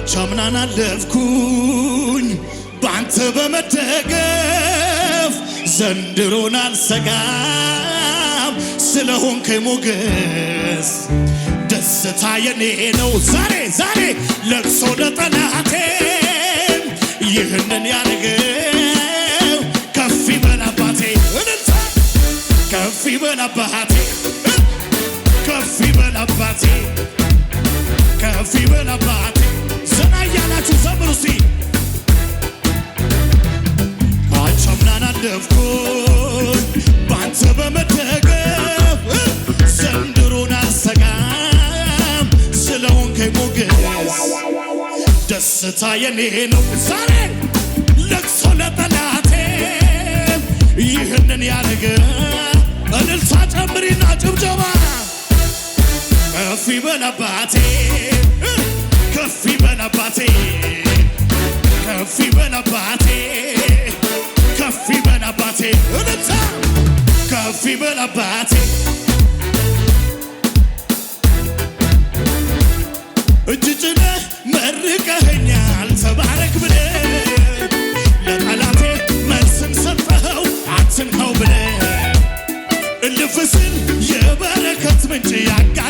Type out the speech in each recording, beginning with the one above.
በመከራዎች አለፍኩኝ በአንተ በመደገፍ ዘንድሮን አልሰጋም ስለሆንከኝ ሞገስ ደስታ የኔ ነው ዛሬ ዛሬ ለቅሶ ለጠላቴም ይህንን ያርገው ከፍ ይበል አባቴ ከፍ ይበል አባቴ ከፍ ይበል አባቴ ከፍ ይበል አባቴ ብላችሁ ዘምሩ ሲ አጨምናን አለፍኩኝ በአንተ በመደገፍ ዘንድሮን አልሰጋም ስለሆንከኝ ሞገስ ደስታ የኔ ነው ዛሬ ለቅሶ ለጠላቴ ይህንን ያደረገ እልልታ ጨምሪና ጭብጨባ ከፍ ይበል ከፍ ይበል አባቴ ከፍ ይበል አባቴ ከፍ ይበል አባቴ እልልታ ከፍ ይበል አባቴ እጅ ጭነህ መርቀኸኛል ተባረክ ብለህ ለጠላቴ መልስን ሰጠኸው አትንኸው ብለህ እልፍስን የበረከት ምንጭ ያጋ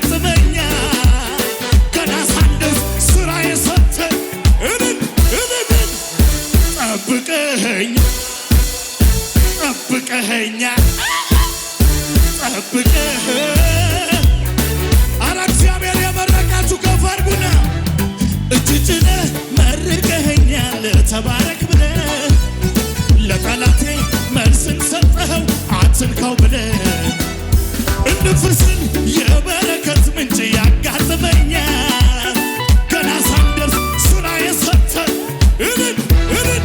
ጠብቀኸኛ ጠብቀህ አረ እግዚአብሔር የመረቃችሁ ከፍ አድርጉና እጅ ጭነህ መርቀኸኛል ተባረክ ብለህ ለጠላቴ መልስን ሰጠኸው አትንካው ብለህ እንደ የበረከት ምንጭ ያጋጥመኛል ገና ሳንደርስ ሥራ የሰጠህ እብን እብን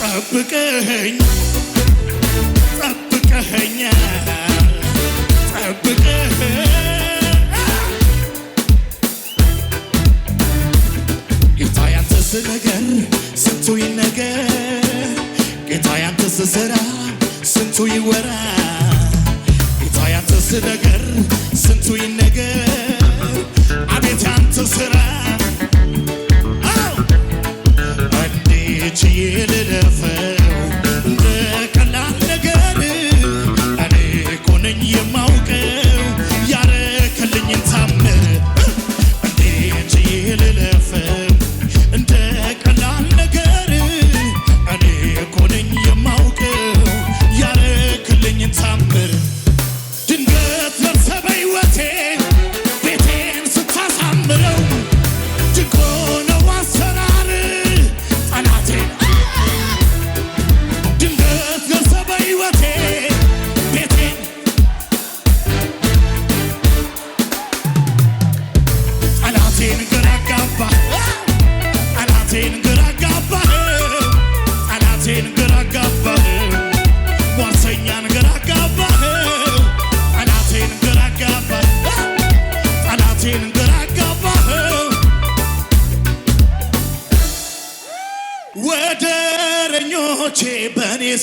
ጠብቀኸኝ አድነኸኛ ጠብቀ ጌታ ያንተስ ነገር ስንቱ ይነገር፣ ጌታ ያንተስ ስራ ስንቱ ይወራ፣ ጌታ ያንተስ ነገር ስንቱ ይነገር፣ አቤት ያንተ ስራ እንዴት ችዬ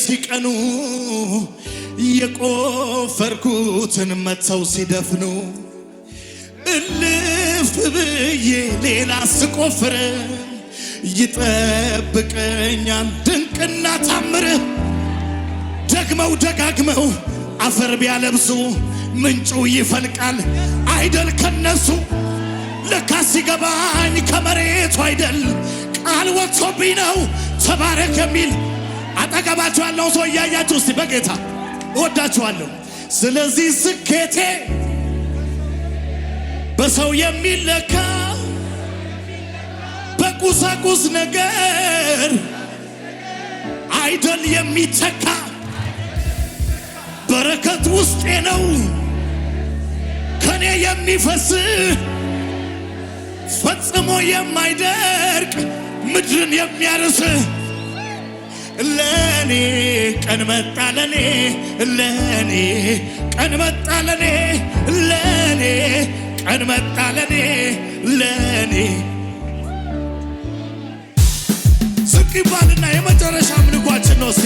ሲቀኑ የቆፈርኩትን መጥተው ሲደፍኑ እልፍ ብዬ ሌላ ስቆፍር ይጠብቀኛል ድንቅና ታምር። ደግመው ደጋግመው አፈር ቢያለብሱ ምንጩ ይፈልቃል አይደል ከነሱ ለካ ሲገባኝ ከመሬቱ አይደል ቃል ወጥቶብኝ ነው ተባረክ የሚል አጠገባችሁ ያለው ሰው እያያችሁ እስቲ በጌታ እወዳችኋለሁ። ስለዚህ ስኬቴ በሰው የሚለካ በቁሳቁስ ነገር አይደል የሚተካ በረከት ውስጤ ነው ከኔ የሚፈስ ፈጽሞ የማይደርቅ ምድርን የሚያርስ ለኔ ቀን መጣ ለኔ ለኔ ቀን መጣ ለኔ ለኔ ቀን መጣ ለኔ ለኔ ዝቅ ይባልና የመጨረሻ ምንጓችን ነው እስቲ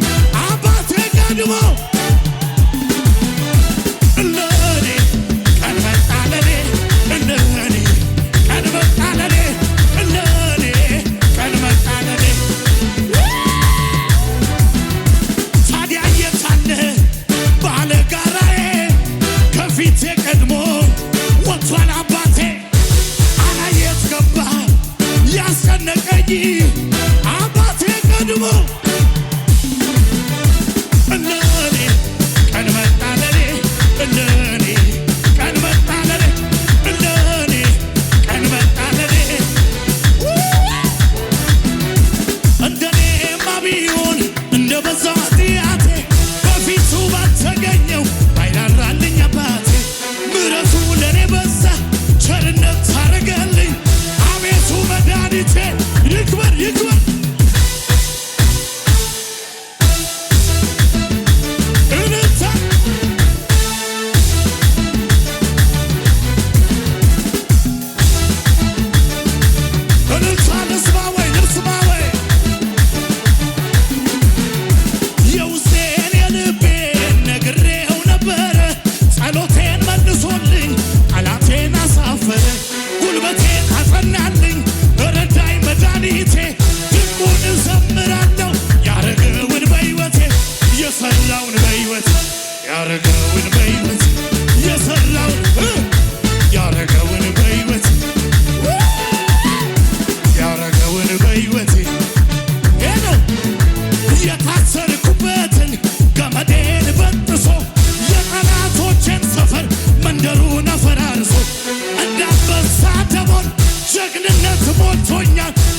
አድርሶኛል።